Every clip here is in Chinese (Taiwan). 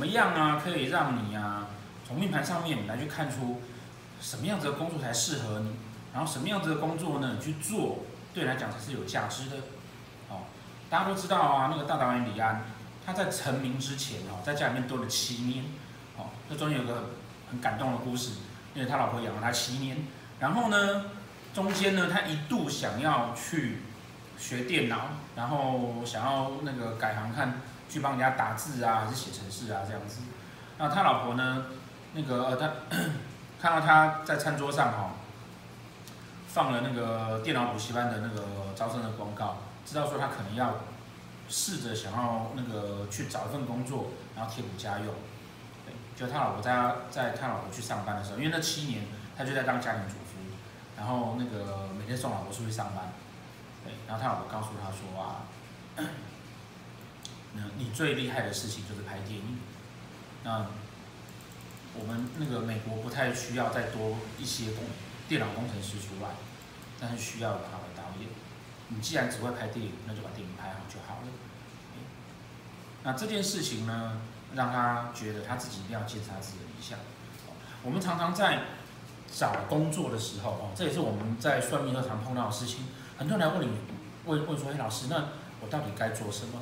怎麼樣啊？可以讓你啊，從命盤上面來去看出什麼樣子的工作才適合你，然後什麼樣子的工作呢，你去做，對你來講才是有價值的。好、哦，大家都知道啊，那個大導演李安，他在成名之前、哦、在家裡面蹲了七年。哦，這中間有一個很感動的故事，因為他老婆養了他七年。然後呢，中間呢，他一度想要去學電腦，然後想要那個改行看。去幫人家打字啊，還是寫程式啊，這樣子。然後他老婆呢？那個他、呃、看到他在餐桌上哈、哦，放了那個電腦補習班的那個招生的廣告，知道說他可能要試着想要那個去找一份工作，然後貼補家用。對，就他老婆在在他老婆去上班的時候，因為那七年他就在當家庭主夫，然後那個每天送老婆出去上班。對，然後他老婆告訴他說啊。呃嗯，你最厲害的事情就是拍電影。那我們那個美國不太需要再多一些工電腦工程師出來，但是需要好的導演。你既然只會拍電影，那就把電影拍好就好了。那這件事情呢，讓他覺得他自己一定要檢查自己一下。我們常常在找工作的時候，哦，這也是我們在算命課堂碰到的事情。很多人來問你，問問說：“哎，老師，那我到底該做什麼？”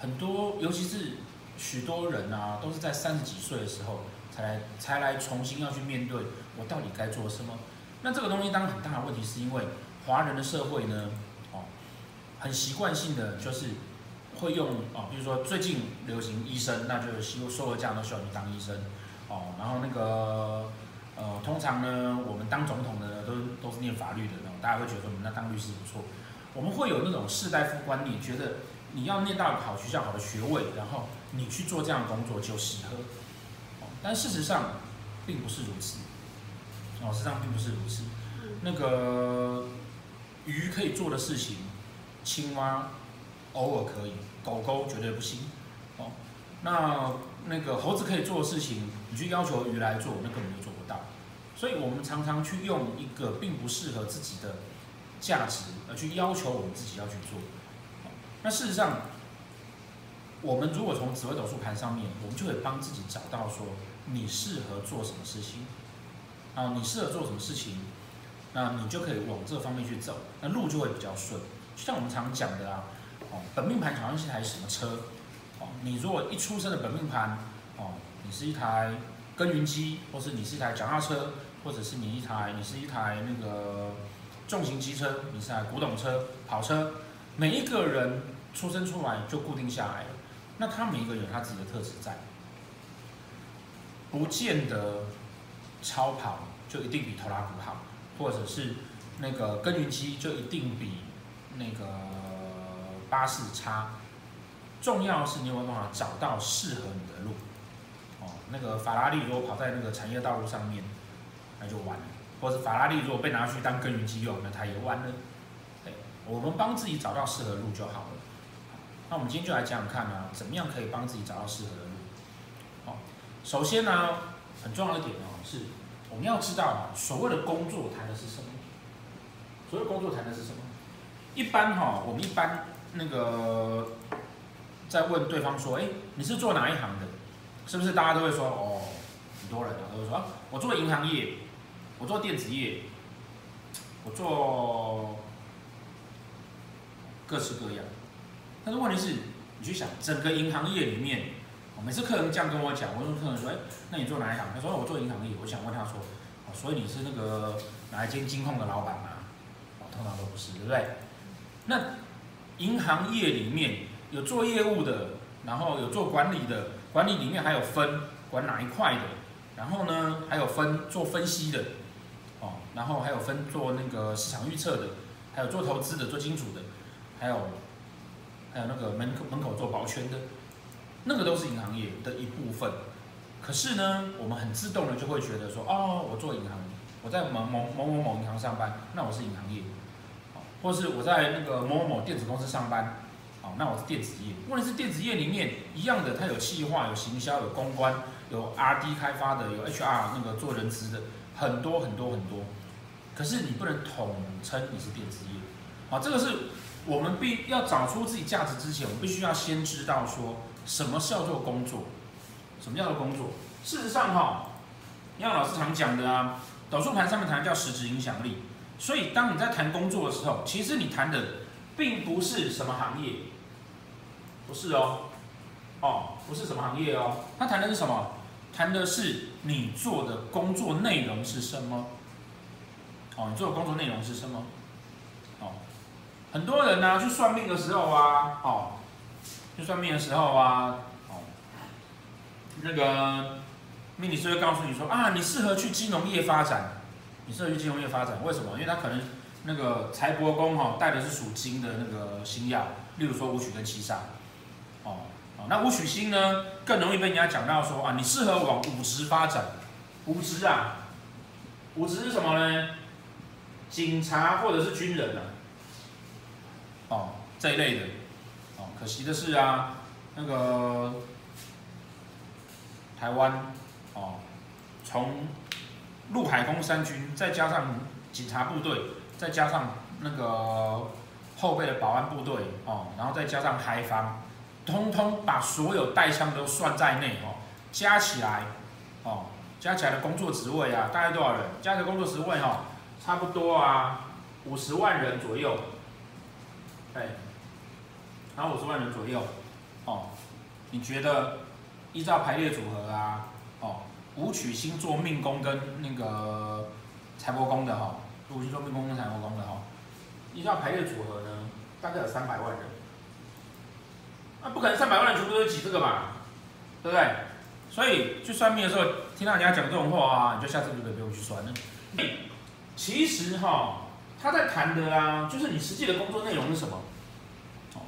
很多，尤其是許多人啊，都是在三十幾歲的時候才來才來重新要去面對我到底該做什麼。那這個東西當然很大的問題，是因為華人的社會呢，哦，很習慣性的就是會用哦，比如說最近流行醫生，那就幾乎所有的家長都需要你當醫生，哦，然後那個呃，通常呢，我們當總統的都都是念法律的那種，大家會覺得我們那當律師不錯。我們會有那種士大夫觀念，覺得。你要念到好學校好的學位，然後你去做這樣的工作就適合，但事實上並不是如此。哦，事實上並不是如此。那個魚可以做的事情，青蛙偶爾可以，狗狗絕對不行。哦，那那個猴子可以做的事情，你去要求魚來做，那根本就做不到。所以，我們常常去用一個並不適合自己的價值，而去要求我們自己要去做。那事實上，我們如果從紫微斗數盤上面，我們就可以幫自己找到說你適合做什麼事情啊，你適合做什麼事情，那你就可以往這方面去走，那路就會比較順。像我們常講的啊，哦，本命盤好像是台什麼車？哦，你如果一出生的本命盤哦，你是一台耕耘機，或是你是一台腳踏車，或者是你一台你是一台那個重型機車，你是台古董車、跑車，每一個人。出生出來就固定下來了，那他每一個人有他自己的特質在，不見得超跑就一定比拖拉庫好，或者是那個耕耘機就一定比那個巴士差。重要的是你有沒有辦法找到適合你的路？哦，那個法拉利如果跑在那個產業道路上面，那就完了，或者是法拉利如果被拿去當耕耘機用，那他也完了。對，我們幫自己找到適合的路就好了。那我們今天就來講講看呢、啊，怎麼樣可以幫自己找到適合的路。首先呢、啊，很重要的點哦，是我們要知道啊，所謂的工作談的是什麼？所謂工作談的是什麼？一般哈、哦，我們一般那個在問對方說，哎，你是做哪一行的？是不是大家都會說，哦，很多人啊都會說，我做銀行業，我做電子業，我做各式各樣。但是問題是，你去想整個銀行業裡面，每次客人這樣跟我講，我說客人說、欸：“那你做哪一行？”他說：“我做銀行業。”我想問他說：“所以你是那個哪一間金控的老闆啊？”哦，通常都不是，對不對？那銀行業裡面有做業務的，然後有做管理的，管理裡面還有分管哪一塊的，然後呢還有分做分析的，哦，然後還有分做那個市場預測的，還有做投資的，做金主的，還有。還有那個門門口做保全的，那個都是銀行業的一部分。可是呢，我們很自動的就會覺得說，哦，我做銀行，我在某某某某某銀行上班，那我是銀行業啊，或是我在那個某某某電子公司上班，好，那我是電子業。問題是電子業裡面一樣的，它有企劃、有行銷、有公關、有 R&D 開發的、有 HR 那個做人資的，很多很多很多。可是你不能統稱你是電子業，啊，這個是。我們必要找出自己價值之前，我們必須要先知道說什麼是叫做工作，什麼叫做工作。事實上、哦，哈，像老師常講的啊，斗數盤上面談的叫實質影響力。所以，當你在談工作的時候，其實你談的並不是什麼行業，不是哦，哦，不是什麼行業哦。他談的是什麼？談的是你做的工作內容是什麼？哦，你做的工作內容是什麼？哦。很多人呢、啊、去算命的時候啊，哦，去算命的時候啊，哦，那個命理師會告訴你說啊，你適合去金融業發展，你適合去金融業發展，為什麼？因為他可能那個財帛宮哈帶的是屬金的那個星曜，例如說武曲跟七殺，哦，那武曲星呢更容易被人家講到說啊，你適合往武職發展，武職啊，武職是什麼呢？警察或者是軍人啊。哦，這一類的，哦，可惜的是啊，那個台灣，哦，從陸海空三軍，再加上警察部隊，再加上那個後備的保安部隊，哦，然後再加上海防，通通把所有帶槍都算在內，哦，加起來，哦，加起來的工作職位啊，大概多少人？加起來工作職位、啊，哦，差不多啊，五十萬人左右。對、欸，然、啊、五十萬人左右，哦，你覺得依照排列組合啊，哦，武曲星坐命宮跟那個財帛宮的哈，武、哦、曲星坐命宮跟財帛宮的哈、哦，依照排列組合呢，大概有三百萬人，那、啊、不可能三百萬人全部都是這個吧，對不對？所以去算命的時候聽到人家講這種話啊，你就下次就可以不用去算了。欸、其實哈。哦他在談的啊，就是你實際的工作內容是什麼？哦，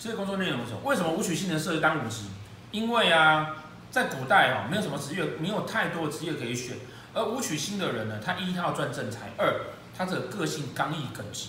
實際工作內容是什麼？為什麼武曲星人適合當武職？因為啊，在古代啊、哦，沒有什麼職業，沒有太多的職業可以選。而武曲星的人呢，他一他要賺正財，二他的個性剛毅耿直，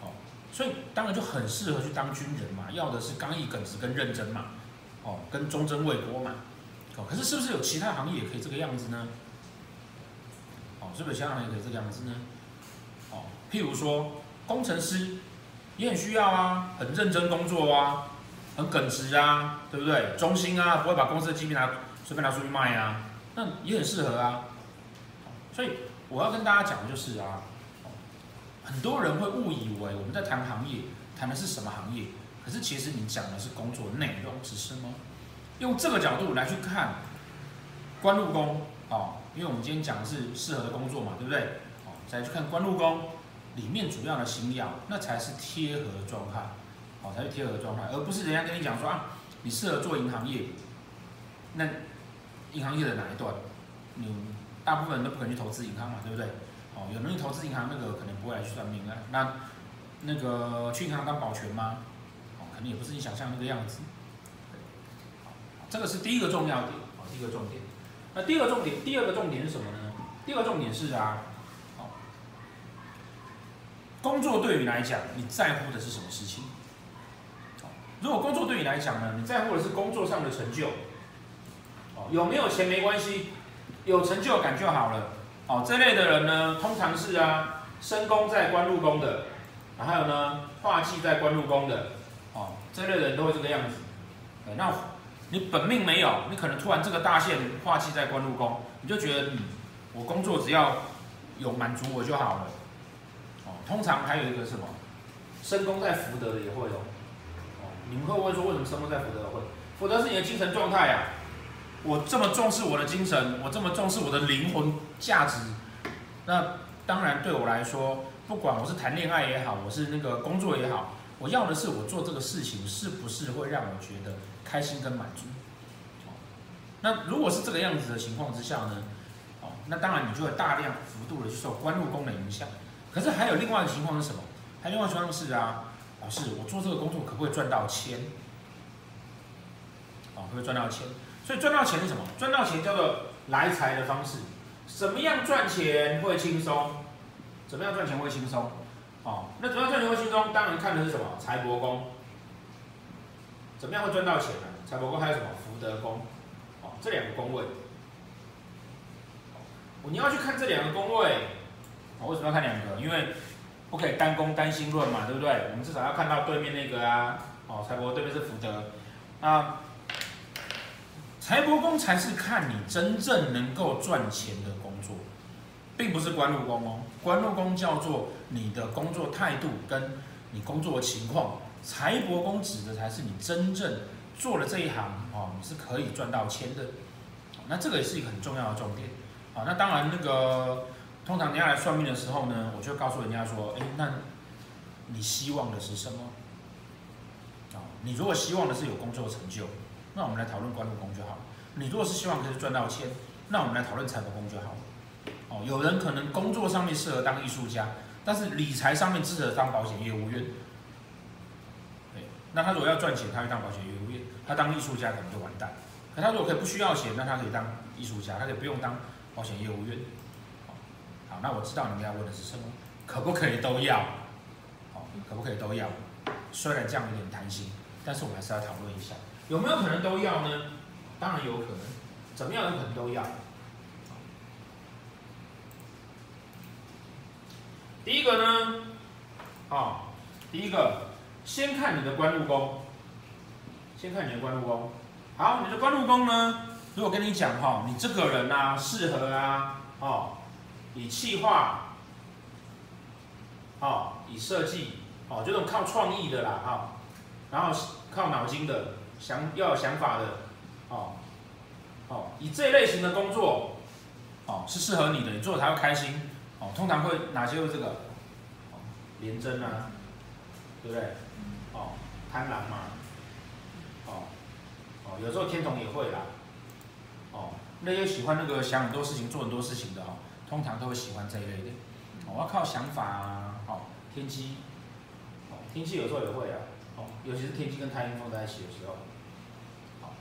哦，所以當然就很適合去當軍人嘛。要的是剛毅耿直跟認真嘛，哦，跟忠貞衛國嘛，哦。可是是不是有其他行業也可以這個樣子呢？哦，是不是其他行業可以這個樣子呢？譬如說，工程師也很需要啊，很認真工作啊，很耿直啊，對不對？忠心啊，不會把公司的機密拿隨便拿出去賣啊，那也很適合啊。所以我要跟大家講的就是啊，很多人會誤以為我們在談行業，談的是什麼行業？可是其實你講的是工作的內容，是什麼？用這個角度來去看，官祿宮啊，因為我們今天講的是適合的工作嘛，對不對？再去看官祿宮。裡面主要的星耀，那才是貼合狀態，好、哦、才是貼合狀態，而不是人家跟你講說啊，你適合做銀行業，那銀行業的哪一段？你大部分人都不肯去投資銀行嘛，對不對？哦，有能力投資銀行那個可能不會來去算命、啊、那那個去銀行當保全嗎？哦，可能也不是你想象那個樣子。好、哦，這個是第一個重要點，哦，第一個重點。那第二個重點，第二個重點是什麼呢？第二個重點是啊。工作對於你來講，你在乎的是什麼事情？哦，如果工作對你來講呢，你在乎的是工作上的成就，哦，有沒有錢沒關係，有成就感就好了。哦，這類的人呢，通常是啊，身宮在官祿宮的、啊，還有呢，化忌在官祿宮的，哦，這類的人都會這個樣子。那你本命沒有，你可能突然這個大限化忌在官祿宮，你就覺得嗯，我工作只要有滿足我就好了。通常還有一個什麼，身宮在福德的也會有，哦，你們會不會說為什麼身宮在福德會？福德是你的精神狀態呀，我這麼重視我的精神，我這麼重視我的靈魂價值，那當然對我來說，不管我是談戀愛也好，我是那個工作也好，我要的是我做這個事情是不是會讓我覺得開心跟滿足？哦，那如果是這個樣子的情況之下呢，哦，那當然你就會大量幅度的去受官祿宮的影響。可是還有另外一個情況是什麼？還有另外一個情況是啊，老師，我做這個工作可不可以賺到錢？哦，可不可以賺到錢？所以賺到錢是什麼？賺到錢叫做來財的方式。怎麼樣賺錢會輕鬆？怎麼樣賺錢會輕鬆？哦，那怎麼樣賺錢會輕鬆？當然看的是什麼？財帛宮。怎麼樣會賺到錢呢？財帛宮還有什麼？福德宮。哦，這兩個宮位。哦，你要去看這兩個宮位。為什麼要看兩個？因為，不可以單宮單星論嘛，對不對？我們至少要看到對面那個啊，哦，財帛對面是福德，啊。財帛宮才是看你真正能夠賺錢的工作，並不是官祿宮哦。官祿宮叫做你的工作態度跟你工作的情況，財帛宮指的才是你真正做了這一行哦，你是可以賺到錢的。那這個也是一個很重要的重點。好，那當然那個。通常你要來算命的時候呢，我就告訴人家說，哎、欸，那你希望的是什麼？啊，你如果希望的是有工作成就，那我們來討論官祿宮就好了。你如果是希望可以賺到錢，那我們來討論財帛宮就好了。哦，有人可能工作上面適合當藝術家，但是理財上面適合當保險業務員。對，那他如果要賺錢，他會當保險業務員，他當藝術家可能就完蛋。可他如果可以不需要錢，那他可以當藝術家，他可以不用當保險業務員。好，那我知道你們要問的是什麼，可不可以都要？好，可不可以都要？雖然這樣有點擔心，但是我們還是要討論一下，有沒有可能都要呢？當然有可能，怎麼樣有可能都要？第一個呢，啊、哦，第一個先看你的官祿宮，先看你的官祿宮。好，你的官祿宮呢？如果跟你講哈、哦，你這個人啊，適合啊，哦以企劃，好、哦，以設計，好、哦，就這種靠創意的啦，哈、哦，然後靠腦筋的，想要有想法的，哦，哦，以這類型的工作，哦，是適合你的，你做才會開心，哦，通常會哪些？會這個，哦、廉貞啊，對不對？哦，貪狼嘛、啊，哦，哦，有時候天同也會啦，哦，那些喜歡那個想很多事情、做很多事情的哈、哦。通常都會喜歡這一類的，我要靠想法啊，好，天機，天機有時候也會啊，尤其是天機跟太陰放在一起的時候，好，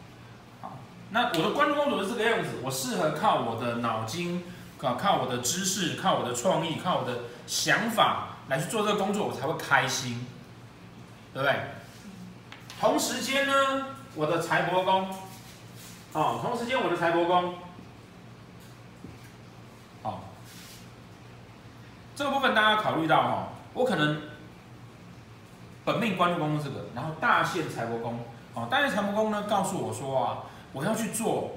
好，那我的官祿宮就是這個樣子，我適合靠我的腦筋，啊，靠我的知識，靠我的創意，靠我的想法來去做這個工作，我才會開心，對不對？同時間呢，我的財帛宮，哦，同時間我的財帛宮。這個部分大家要考慮到哈，我可能本命官祿宮這個，然後大限財帛宮，哦，大限財帛宮呢告訴我說啊，我要去做，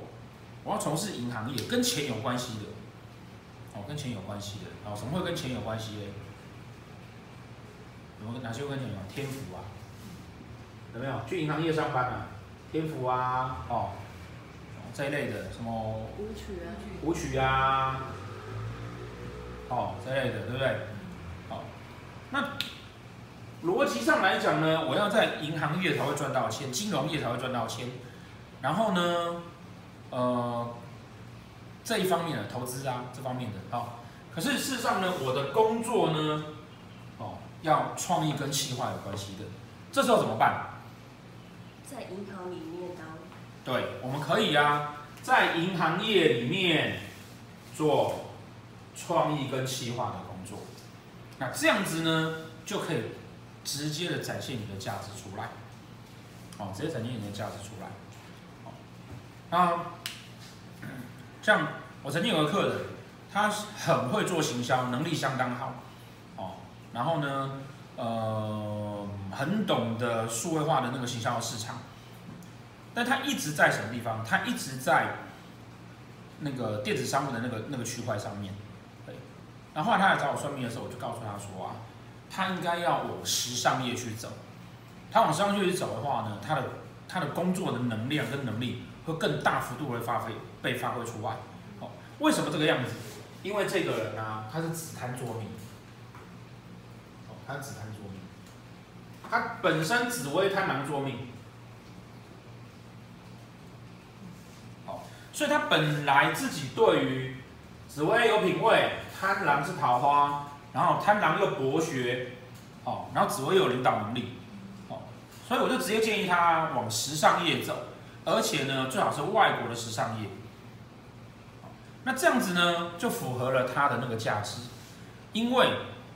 我要從事銀行業跟錢有關係的，哦，跟錢有關係的，哦，什麼會跟錢有關係？哪些會跟錢有？天府啊，有沒有去銀行業上班啊？天府啊，哦，這一類的什麼？武曲啊，武曲啊。哦，之類的，對不對？好、哦，那邏輯上來講呢，我要在銀行業才會賺到錢，金融業才會賺到錢，然後呢，呃，這一方面的投資啊，這方面的啊，哦，可是事實上呢，我的工作呢，哦、哦，要創意跟企劃有關係的，這時候怎麼辦？在銀行裡面當？對，我們可以啊，在銀行業裡面做。創意跟企劃的工作，那這樣子呢，就可以直接的展現你的價值出來，哦，直接展現你的價值出來。好，那像我曾經有個客人，他很會做行銷，能力相當好，哦，然後呢，呃，很懂得數位化的那個行銷的市場，但他一直在什麼地方？他一直在那個電子商務的那個那個區塊上面。然後,後來他來找我算命的時候，我就告訴他說啊，他應該要往時尚業去走。他往時尚業去走的話呢，他的他的工作的能量跟能力會更大幅度的發揮被發揮出來。好、哦，為什麼這個樣子？因為這個人呢、啊，他是紫貪坐命、哦。他是紫貪坐命。他本身紫微貪狼坐命。好、哦，所以他本來自己對於紫微有品味。貪狼是桃花，然後貪狼又博學，哦，然後紫微又有領導能力，哦，所以我就直接建議他往時尚業走，而且呢，最好是外國的時尚業。那這樣子呢，就符合了他的那個價值，因為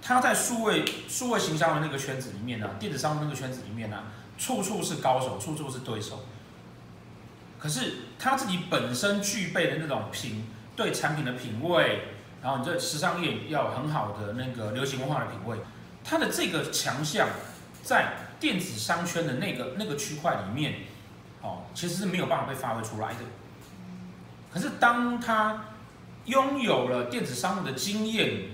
他在數位數位行銷的那個圈子裡面呢、啊，電子商務那個圈子裡面呢、啊，處處是高手，處處是對手。可是他自己本身具備的那種品，對產品的品味。然後你這時尚業要很好的那個流行文化的品味，他的這個強項在電子商圈的那個那個區塊裡面，哦，其實是沒有辦法被發揮出來的。可是當他擁有了電子商務的經驗，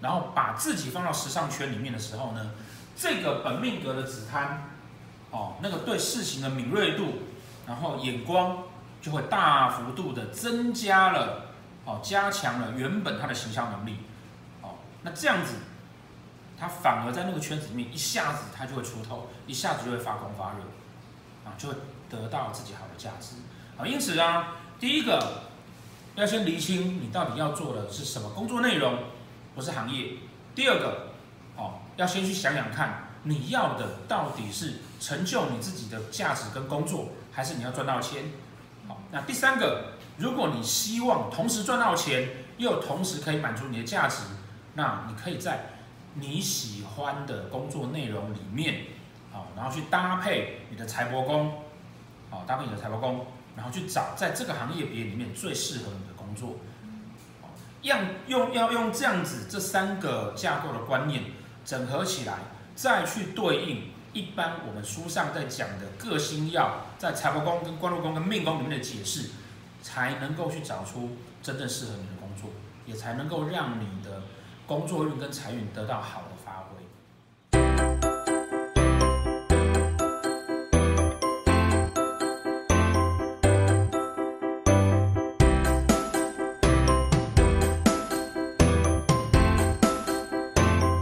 然後把自己放到時尚圈裡面的時候呢，這個本命格的紫貪，哦，那個對事情的敏銳度，然後眼光就會大幅度的增加了。哦，加強了原本他的形象能力，哦，那這樣子，他反而在那個圈子裡面一下子他就會出頭，一下子就會發光發熱，啊，就會得到自己好的價值。好，因此啊，第一個要先釐清你到底要做的是什麼工作內容，不是行業。第二個，哦，要先去想想看你要的到底是成就你自己的價值跟工作，還是你要賺到錢？好，哦，那第三個。如果你希望同時賺到錢，又同時可以滿足你的價值，那你可以在你喜歡的工作內容裡面，然後去搭配你的財帛宮，好，搭配你的財帛宮，然後去找在這個行業別裡面最適合你的工作，好，要用要用這樣子這三個架構的觀念整合起來，再去對應一般我們書上在講的各星曜，在財帛宮跟官祿宮跟命宮裡面的解釋。才能夠去找出真正適合你的工作，也才能夠讓你的工作運跟財運得到好。